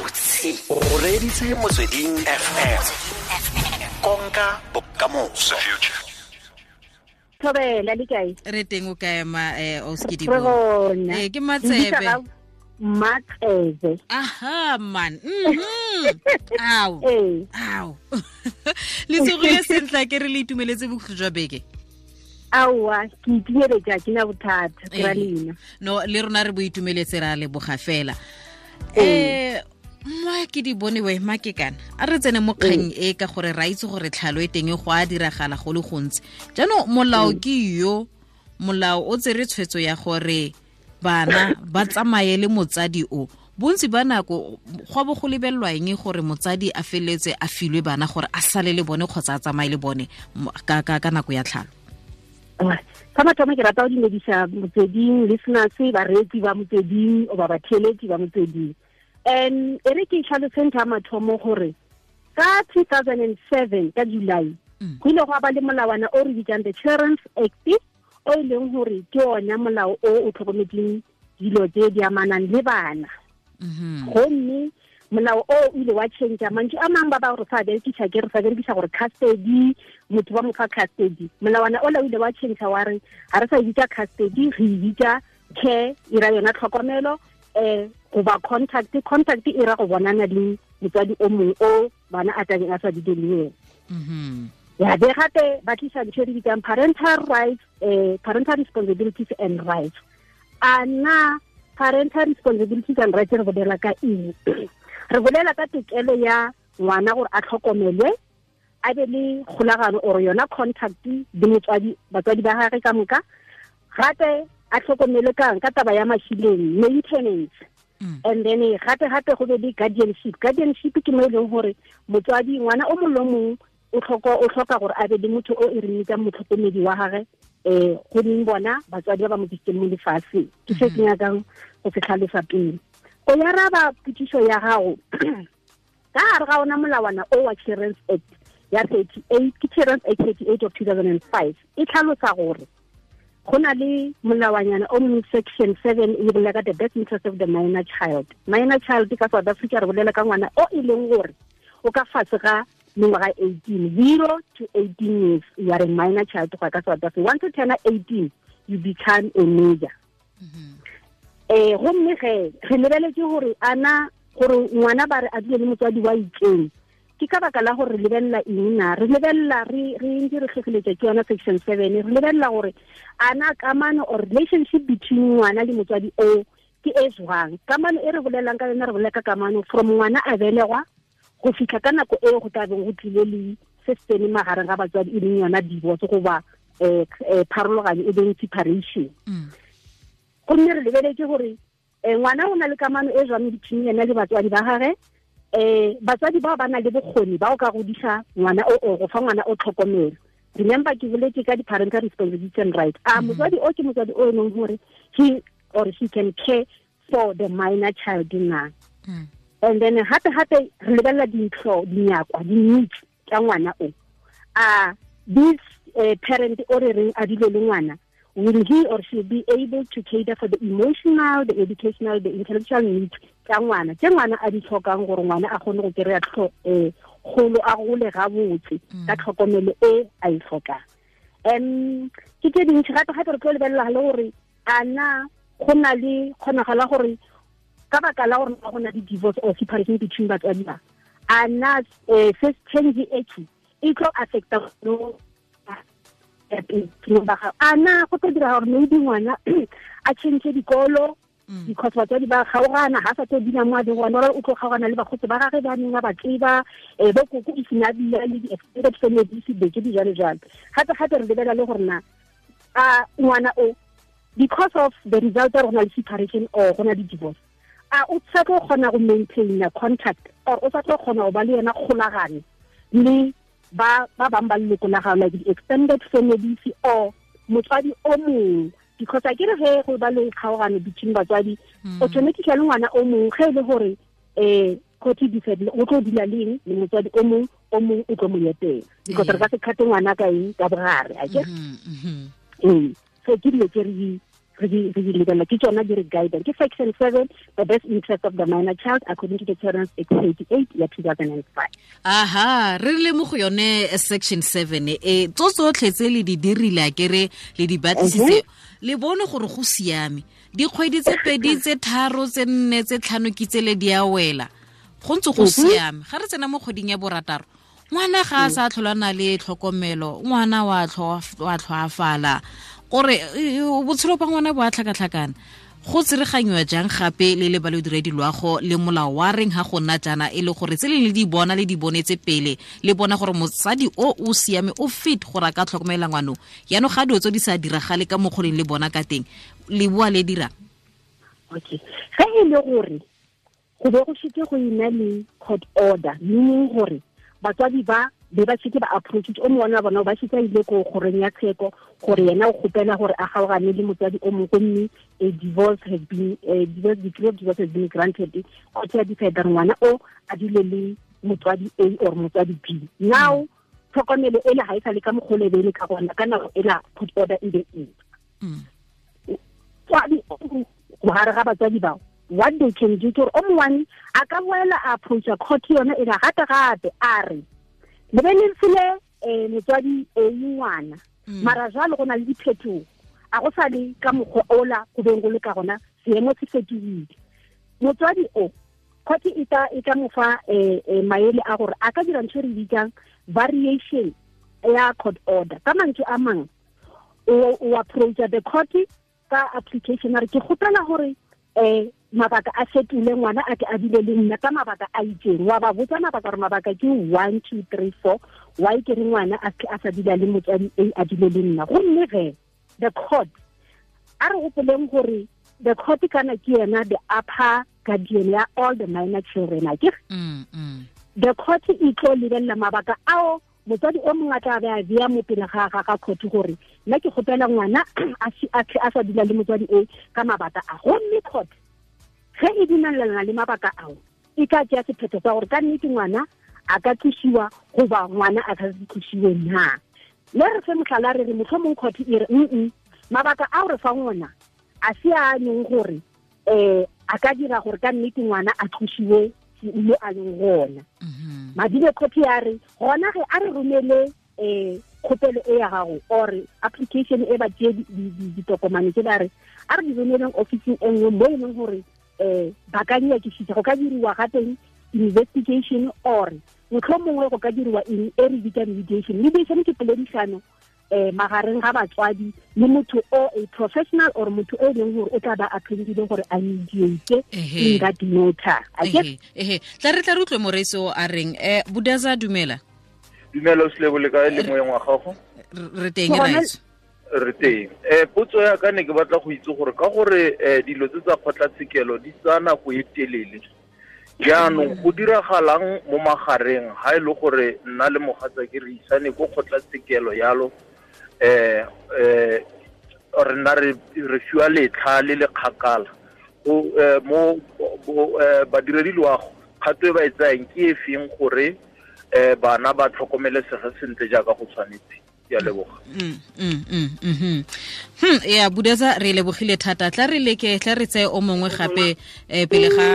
botse o reditse motsweding fm konka bokamoso thobela le kae re teng o kae ma eh, oskidiboe eh, ke matsebe matsebe aha man aw mm-hmm. ao ee. le tsogile sentla ke re le itumeletse bokhutlo jwa beke aowa ke itumeletsa ke na bothata ke ra eh. no le rona re bo itumeletse ra leboga fela um mmoa ke di bone wema ke kana a re tsene mo kgang mm. e ka gore ra itse gore tlhalo e teng e go a diragala go le gontsi jaanong molao mm. ke yo molao o tsere tshwetso ya gore bana ba tsamaye le motsadi o bontsi ba nako go bo go lebelelwa eng gore motsadi a feletse a filwe bana gore a sale le bone kgotsa a tsamaye le bone ka nako ya tlhalo ka mathomo ke rata go dumedisa motsweding listeners bareetsi ba motsweding o ba batheletsi ba motsweding and ere ke itlhaloseng ka mathomo gore ka 2007 ka july go mm. ile go ba le molawana o re bitsang the children's act o e leng gore ke ona molao o o tlhokometseng dilo tse di amanang le bana gomme mm-hmm. molao o o ile wa change mantsi a mangwe ba ba gore sa berekisa ke re sa berekisa gore custody motho ba mofa fa molawana o la o ile wa change wa re ga re sa e bitsa custody re e bitsa care ira e yona tlhokomelo eh go ba contact contact e ra go bonana le motswadi o mongwe o bana a tabeng a sa di le ene mm-hmm. ya be gape ba tlisa ntho e re bitsang parental rights eh, parental responsibilities and rights a na parental responsibilities and rights re bolela ka eng re bolela ka tokelo ya ngwana gore a tlhokomelwe a be le kgolagano or yona contact le motswadi batswadi ba gage ka moka gape a tlhokomele kang ka taba ya mashileng maintenance mm. and then eh, gape gape go be le guardianship guardianship ke mo e leng gore motswadi ngwana o mongwe o mongwe o tlhoka gore a be le motho o e reng motlhokomedi wa gage eh, Go ding bona batswadi ba ba mo kisitseng mo lefatshe ke se ke mm-hmm. nyakang go se tlhalosa pele o ya raba petiso ya gago ka gare ga ona molawana o wa clearance act ya 38 ke clearance act 38 of 2005 e tlhalosa gore go na le molawanyana o mo section seven e bolela ka the best interest of the minor child minor child ka south africa re bolela ka ngwana o e leng gore o ka fatshe ga mengwaga eighteen zero to eighteen years you are a minor child go ya ka south africa once o turna eighteen you become a major um gomme ge re lebeletse gore ana gore ngwana ba re a dile le motswadi wa itseng ke ka baka la gore re lebelela eng re lebelela re ntse re tlhotlheletsa ke yona section seven re lebelela gore ana kamano or relationship between ngwana le motswadi o ke e jwang kamano e re bolelang ka yona re bolela ka kamano from ngwana a belegwa go fitlha ka nako e go tlabeng go tlile le se se magareng ga batswadi e leng yona divorce goba um pharologanyo e leng separation gomme re lebeletse gore um eh, ngwana o na le kamano e jwang between yena le batswadi ba gage eh batsadi ba ba na le bokgoni ba o ka godisa ngwana o go fa ngwana o tlhokomelo remember ke boletse ka di-parental responsibility and right a ah, mhm. motswadi o ke motswadi o e leng gore he or she can care for the minor child na mm. and then gape-gape re lebelela dintlo dinyakwa di-needs tsa ngwana o a ah, this eh, parent o re reng a dilo le ngwana will he or she be able to cater for the emotional, the educational, the intellectual needs tsa ngwana tse ngwana a ngwana a kgone go kry-a um kgolo a mm. ka tlhokomelo e a e tlhokang um ke tse dintšhi gape-gape re tlo lebelela le gore a go na le kgonagala gore ka baka la gore go na divorce or separation between batswadi ba a um first change e e tlo affecta ya ba gago a na go tlo dira gore maybe ngwana a change dikolo mm. because batswadi ba kgaogana ga sa tse dina mo a ding ngwana ore o tlo kgaogana le bagotse ba gage ba neng a ba tseba um bokoko e, e senabila le di-extended family sebeke di e, jalo jalo gape-gape re lebela le gore na a ngwana o because of the result ya rona le separation or go na le divorce a o sa tlo kgona go maintaina contact or o sa tlo kgona go ba le yona kgolagano le ba ba bang ba leloko la gago like di-extended families or motswadi o mongwe because a kere ge go ba le kgaogano between batswadi hmm. le ngwana o mongwe ge e le gore um eh, gote difedile o tlo o dula leng le motswadi o mongwe o mongwe o tlo mo yeteng because re ka se kgate ngwana ka eng ka bogare a kere so ke dilo tse re re di lebelela ke tsona di re guidang ke section seven the best interest of the minor child according to the parents act eighty eight ya two thousand and five aha re le mo go yone eh, section seven e tso tsotlhe tse le di dirile akere le di batlisitse mhm. le bone gore go siame dikgwedi tse pedi tse tharo tse nne tse tlhano kitsele di a wela go ntse go mhm. siame ga re tsena mo kgweding ya borataro ngwana ga a mhm. sa tlholana le tlhokomelo ngwana wa tlhoafala gore botshelo ba ngwana bo a tlhakatlhakana go tsereganyiwa jang gape le lebaledira diloago le molao wa reng ga go nna jaana e le gore tse le le di bona le di bonetse pele le bona gore mosadi o o siame o fit gore a ka tlhokomela ngwanong yaanong ga dio tse di sa diragale ka mokgoleng le bona ka teng le bua le dirang okay ga e le gore go be go shike go ina le court order meaning gore batswadi ba be ba se ba approach o mongwe wa bona ba se ile go goreng ya tsheko gore yena o gopela gore a ga gane le motsadi o mongwe mme a divorce has been a divorce decree divorce has been granted o tla di feta ngwana o a dile le motswadi A or motswadi B now tlhokomelo e le ga e sa le ka mogolebe le ka gona ka nako e la put order in the end tswadi go hara ga batswadi bao what they can do ke gore o mongwane a ka boela a approacha court yona e la gape gape a re lebeletsele um eh, motswadi eng eh, e ngwana mm. mara jalo go na le diphetogo a go sa le ka mokgwa ola go beng go le ka gona seemo se fetogile motswadi o kgotse e ka mofa um maele a gore a ka dira ntho e re e bitsang variation ya court order ka mantswe a mangwe o approacha the court ka application a re ke gopela gore um mabaka a fetile ngwana a ke a bile le nna ka mabaka a itseng wa ba botsa mabaka gore mabaka ke one two three four why ke re ngwana a ke a sa dila le motswadi a e a dile le nna gomme ge the court a re gopoleng gore the court kana ke yena the upper guardian ya all the minor children a ke mm, mm. the court e tlo lebelela mabaka ao motsadi o mongwe a tla be a bea mo pele ga ga ka khotho gore nna ke gopela ngwana a sa dila le motswadi e ka mabaka a gomme court ge e dinalelana le mabaka ao e ka tšea sephetho sa gore ka nnete ngwana a ka thusiwa goba ngwana a ka se thusiwe na le re fe motlhala re re motlhomong kgothe e re mm mabaka ao re fang ona a se a leng gore um eh, a ka dira gore ka nnete ngwana a thusiwe seile a leng go madile madibe kgothe ya re gona ge a re romele um kgopelo e ya gago or application e ba tee ditokomane tse ba re a re di romeleng officing e nngwe mo e leng gore um ba ka nyakisisa go ka diriwa gateng investigation or mongwe go ka diriwa eng e re bitsa mediation mediation ke poledisano um eh, magareng ga batswadi le motho o a professional or motho o e leng gore o tla ba appointile gore a mediate in that matter ehe tla re tla re utlwe moreso a reng um budaza dumela dumela o selebole ka e le moyeng wa gago re teng raitso re teng um potso ya ka ne ke batla go itse gore ka gore um dilo tse tsa kgotlatshekelo di tsaya nako e telele jaanong go diragalang mo magareng ga e le gore nna le mogatsa ke re isane ko kgotlatshekelo yalo um um nna re fiwa letlha le le kgakala mo badiredi loago kgato e ba e tsayeng ke e feng gore um bana ba tlhokomelesege sentle jaaka go tshwanetse ke mm, mm, mm, hmm, ya budetsa re lebogile thata tla re leke tla re tseye o mongwe gape eh, pele ga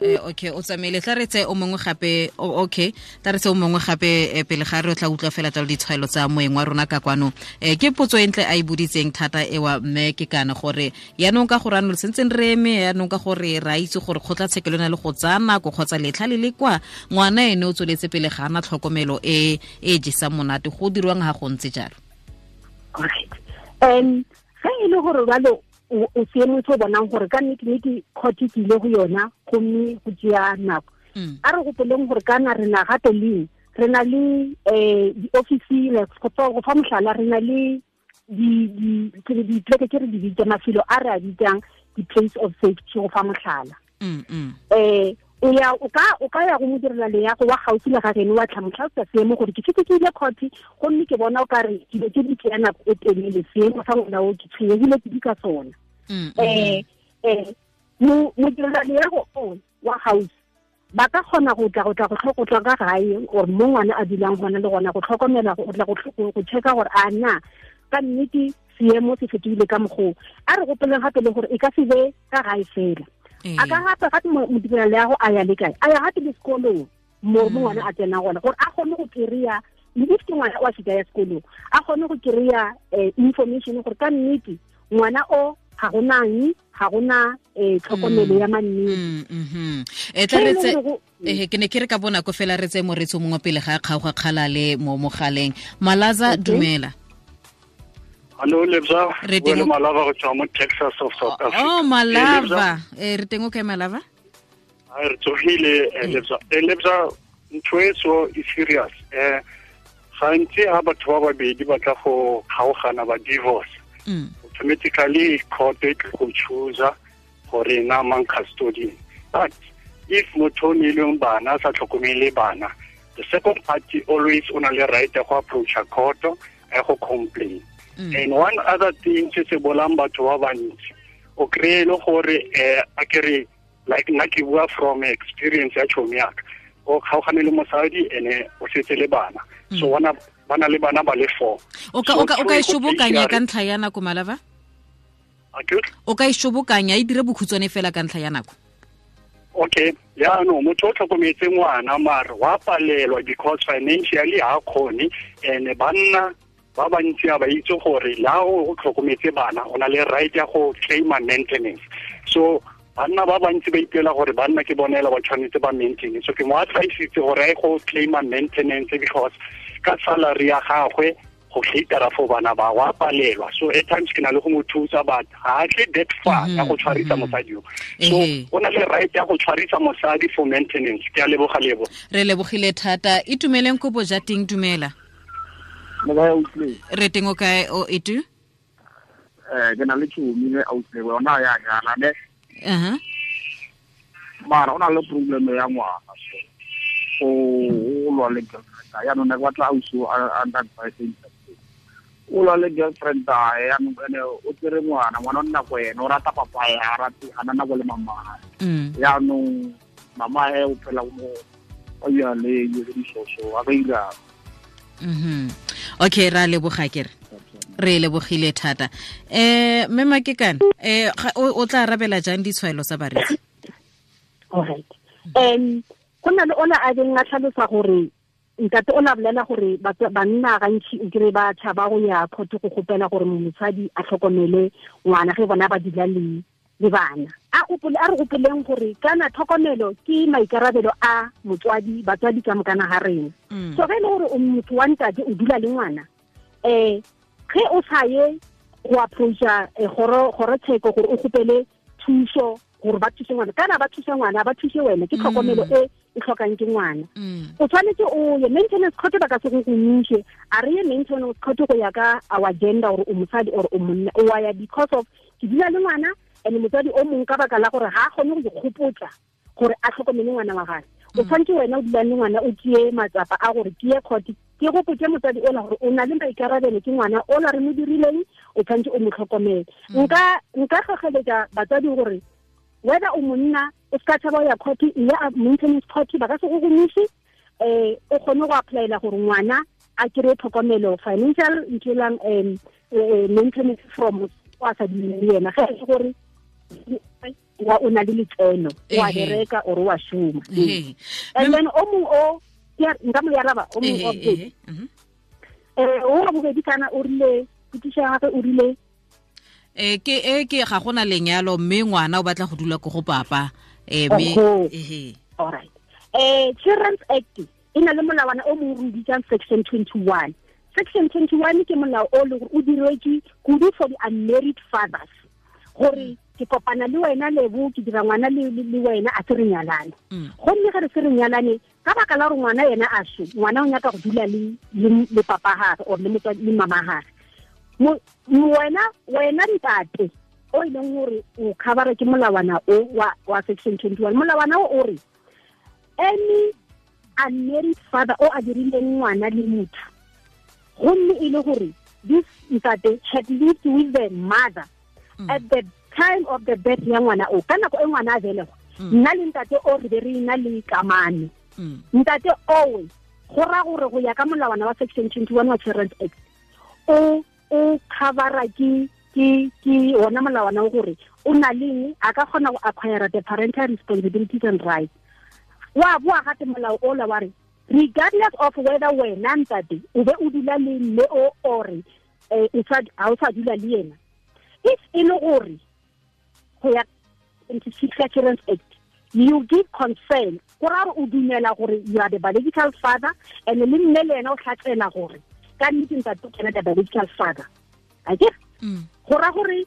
Eh, okay o tsamaile tla re tse o mongwe gape okay tla re tse o mongwe gape eh, pele ga re o tla utlwa fela jalo ditshwaelo tsa moeng wa rona ka kwano um ke potso e ntle a e buditseng thata ewa mme ke kana gore yaanong ka gore ano sentseng re eme yaanong ka gore ra a itse gore kgotlatshekelo e na le go tsaya nako kgotsa letlha le le kwa ngwana ene o tsweletse pele ga ana tlhokomelo e e jesang monate go dirwang ga go ntse jalo um ga e le gore jalo o seemo se o bonang gore ka nnete-nnete court ke ile go yona gomme go tseya nako mm. a re gopoleng gore kana re na gape leng re na le um di-office go fa motlhala re na le ditleke ke re di bitsa mafelo a re a bitsang di-place of safety go fa motlhala um mm, mm. eh, o ya o ka o ka ya go modirela le ya go wa gautsi le ga gene wa tlhamotlhaotsa seemo gore ke fetse ke ile khoti gomme ke bona o ka re ke ke di nako e telele seemo sa ngwana o ke tshwenyegile ke di ka sona mm, mm, eh mm. eh modirela le ya go o oh, wa gautsi ba ka kgona go tla go tla go tlhokotlwa ka gae gore mo ngwana a dulang gona le gona go tlhokomela go tla go check-a gore a na ka nnete seemo se fetile ka mogo a re gopeleng gape le gore e ka se be ka gae fela Ee. a ka gata gate modirela le yago a ya le kae a ya gape le sekolong mo mo mm. ngwana a tsena gona gore a kgone go kry-a if ke ngwana wa seka ya sekolong a kgone go kry-a eh, information gore ka nnete ngwana o ga gona ga gona eh, tlhokomelo mm. ya mannete mm, mm-hmm. e e ehe ke ne ke re ka bonako fela re tse moretso mongwe pele ga kgaogakgala le mo mogaleng malaza dumela okay. Hello Lebza. Re teng Malava go tswa mo Texas of South oh, Africa. Oh Malava. Eh re teng o kae Malava? A re tsohile eh, eh. Lebza. Eh, Lebza e so is e serious. Eh gantsi ha batho ba babedi ba tla go kgaogana ba divorce. Mm. Automatically court e go choose gore na mang custodian. But if motho ne leng bana sa tlokomele bana, the second party always o na le right ya go approach a court e go complain. Mm. And one other thing se se bolang batho ba bantsi o kry-e e le gore um a kere like nna ke bua from experience ya tšhomi yaka o kgaogane le mosadi ande o setse le bana so mm. ba na le bana ba le four o ka e, e shobokanya ka ntlha ya nako malava o ka e shobokanya e dire bokhutshwane fela ka ntlha ya nako okay yaanong motho o tlhokometse ngwana mare wa palelwa because financially ha kgone and banna ba bantsi a ba itse gore la o tlhokometse bana o na le right ya go claim maintenance so banna ba bantsi ba ipela gore banna ke bone ba tshwanetse ba maintenance so ke mo advisitse gore a go claim maintenance because ka salary ya gagwe go catera for bana ba wa palelwa so at times ke na le go mo thusa but ga tle that far ya go mm-hmm, tshwarisa mm-hmm. mosadi yo so o na le right ya go tshwarisa mosadi for maintenance ke a leboga lebo re lebogile thata itumeleng ja bojateng dumela re teng o kae o etu eh ke na le tšhomi outle yona ya nyala ne mara o na le problem ya ngwana o lwa le girlfriend yaanong ne ke batla ausi o lwa le girlfriend ae yaanong ene o tsere ngwana ngwana nna ko ene o rata papae a rate a na nako le mamae yaanong mm. mamae o phela mo o ya le yo le disoso a ka irang mm-hmm okay ra leboga kere re lebogile thata um eh, mme ke kana eh o tla rabela jang ditshwaelo tsa baretsi alright um go na le ona a beng a tlhalosa gore ntate o na bolela gore banna gantsi o kry ba tšhaba go ya khoto go gopela gore mosadi a tlhokomele ngwana ge bona ba dila le bana a re gopoleng gore kana tlhokomelo ke maikarabelo a motswadi batswadi ka mokana ga reng mm. so ge e le gore o motho wa ntate o dula le ngwana um ge o saye go approacha eh, gorotsheko gore o gopele thuso gore ba thuse ngwana kana ba thuse ngwana ba thuse wena ke tlhokomelo mm. e e tlhokang ke ngwana mm. o tshwanetse o ye maintenance court ba ka se go gomise a re ye maintenance court go ya ka our gender gore o mosadi or o monna o wa ya because of ke dula le ngwana and motsadi o mongwe ka baka la gore ga a kgone go ikgopotsa gore a tlhokomele ngwana wa gage o mm. tshwanetse wena o dulang le ngwana o tie matsapa a gore ke ye kgoti ke gopotse motsadi ola gore o na le maikarabelo ke ngwana ola re mo dirileng o tshwanetse o mo tlhokomele mm. nka nka tlhogeletsa batsadi gore whether o monna o seka tshaba o ya kgoti ya maintenance court ba ka se go gomise um eh, o kgone go applyela gore ngwana a kry-e tlhokomelo financial ntho elang um e, e, maintenance from o a sa dumele yena ge e gore wa o na le letseno wa bereka ore wa shuma and then o mongwe o nka mo yaraba o mongwe wa bobedi um o wa bobedi kana o rile petiso ya gape o rile Eh, ke e ke ga gona lenyalo mme ngwana o batla go dula ko go papa eh me eh all right eh children's act e na le molawana o mo ruditsang section 21 section 21 ke molao o le gore o diretswe kudu for the unmarried fathers gore ke kopana le wena lebo ke dira ngwana le wena a se re nyalane mm. gomme ge re se re nyalane ka baka la gore ngwana yena a swe ngwana o nyaka go dula le papagare or le mamagare wena wena ntate o e leng gore o kgabara ke molawana o wa section twenty one molawana o o re any unmarried father o a dirileng ngwana le motho gonne e le gore this ntate had lived with the mother mm. at the time of the birth ya ngwana o ka nako e ngwana a belegwa hmm. nna le ntate o re be re ina le kamane hmm. ntate owe go raya gore go ya ka molawana wa section twenty one wa children's act o o covera ke ke ke ona molawana o gore o na leng a ka kgona go acquire the parental responsibilities and rights wa boa gate molao ola wa re regardless of whether wena ntate o be o dula le mme o ore eh, ga o sa dula le ena if e le gore go ya 26 ya Children's Act you give consent go ra o dumela gore you are the biological father and le nne le ena o tlatsela gore ka nnete ntse ke kena the biological father ake mm. go ra gore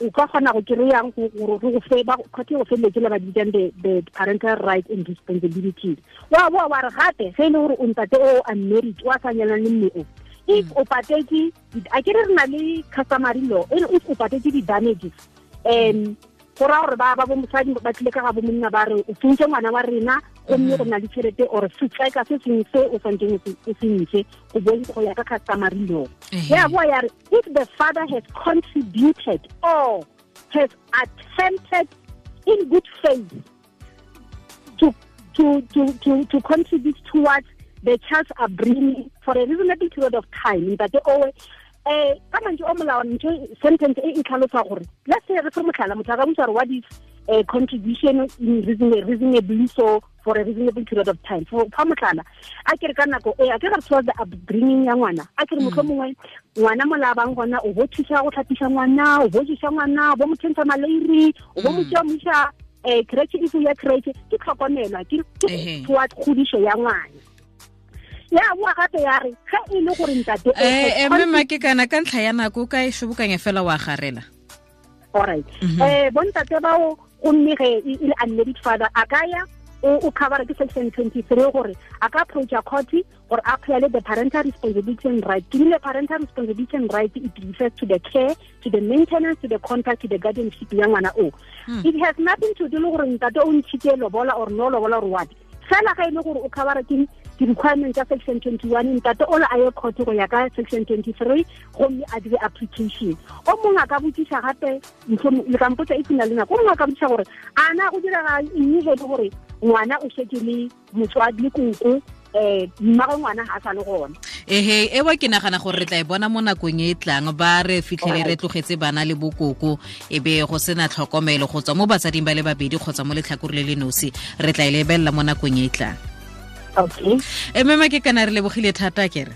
o ka kgona go kry-ang gore go fe ba go feleletse le ba bitsang the parental right and responsibility wa boa wa re gape ge e le gore o ntate o unmarried o a sa nyalang le mme o if mm. o patetse a ke re na le customary law e if o patetse di-damages um go raya gore ba ba ba tlile ka ga bo monna ba re o tsentse ngwana wa rena gomme go mhm. na le tšhelete or setsaeka se sengwe se o santseng o se ntshe go go ya ka customary law ya boa ya re if the father has contributed or has attempted in good faith to, to, to, to, to contribute towards the child's upbringing for a reasonable period of time but they always um ka mantse o molao ntho e, sentence e e tlhalosa gore la se re fa motlhala motho a ka botsa gore what is eh, contribution in reasonably so for a reasonable period of time for fa motlhala a ke re ka nako e a ke re towards the upbringing ya ngwana a ke re mm. motlho mongwe ngwana mo labang gona o bo thusa go tlhapisa ngwana o bo jesa ngwana o bo mo thentsha malairi o bo mo mm. tsea moisa um eh, crete e ya crete ke tlhokomelwa ke godisho ya ngwana ya bua gape ga e le gore ntate eh, eh, ke kana ka ntlha ya nako ka e shobokanya fela wa garela alright mhm. eh bontate bao gomme ge e, e le unmarried father a kaya o covera ke section three gore a ka approacha court gore a apply the parental responsibility and right ke le parental responsibility and right it refers to the care to the maintenance to the contact to the guardianship ya ngwana o hmm. it has nothing to do le gore ntate o ntshitse lobola or no lobola or what fela ga e le gore o covera ke di-requirement tsa section twenty one ntate o le a ye court go ya ka section twenty three gomme a dire application o mongwe a ka botsisa gape le kampotsa e tsena le nako o mongwe a ka botsisa gore a na go diraga nnele gore ngwana o sheke le motswadi le koko um eh, mmago ngwana ga a sa le gona ehe ewa ke nagana gore re tla e bona mo nakong e e tlang ba re fitlhele re tlogetse bana le bokoko e be go sena tlhokomelo go tswa mo batsading ba le babedi kgotsa mo letlhakore le le nosi re tla e lebelela mo nakong e e tlang okay e eh, mema ke kana re lebogile thata ke re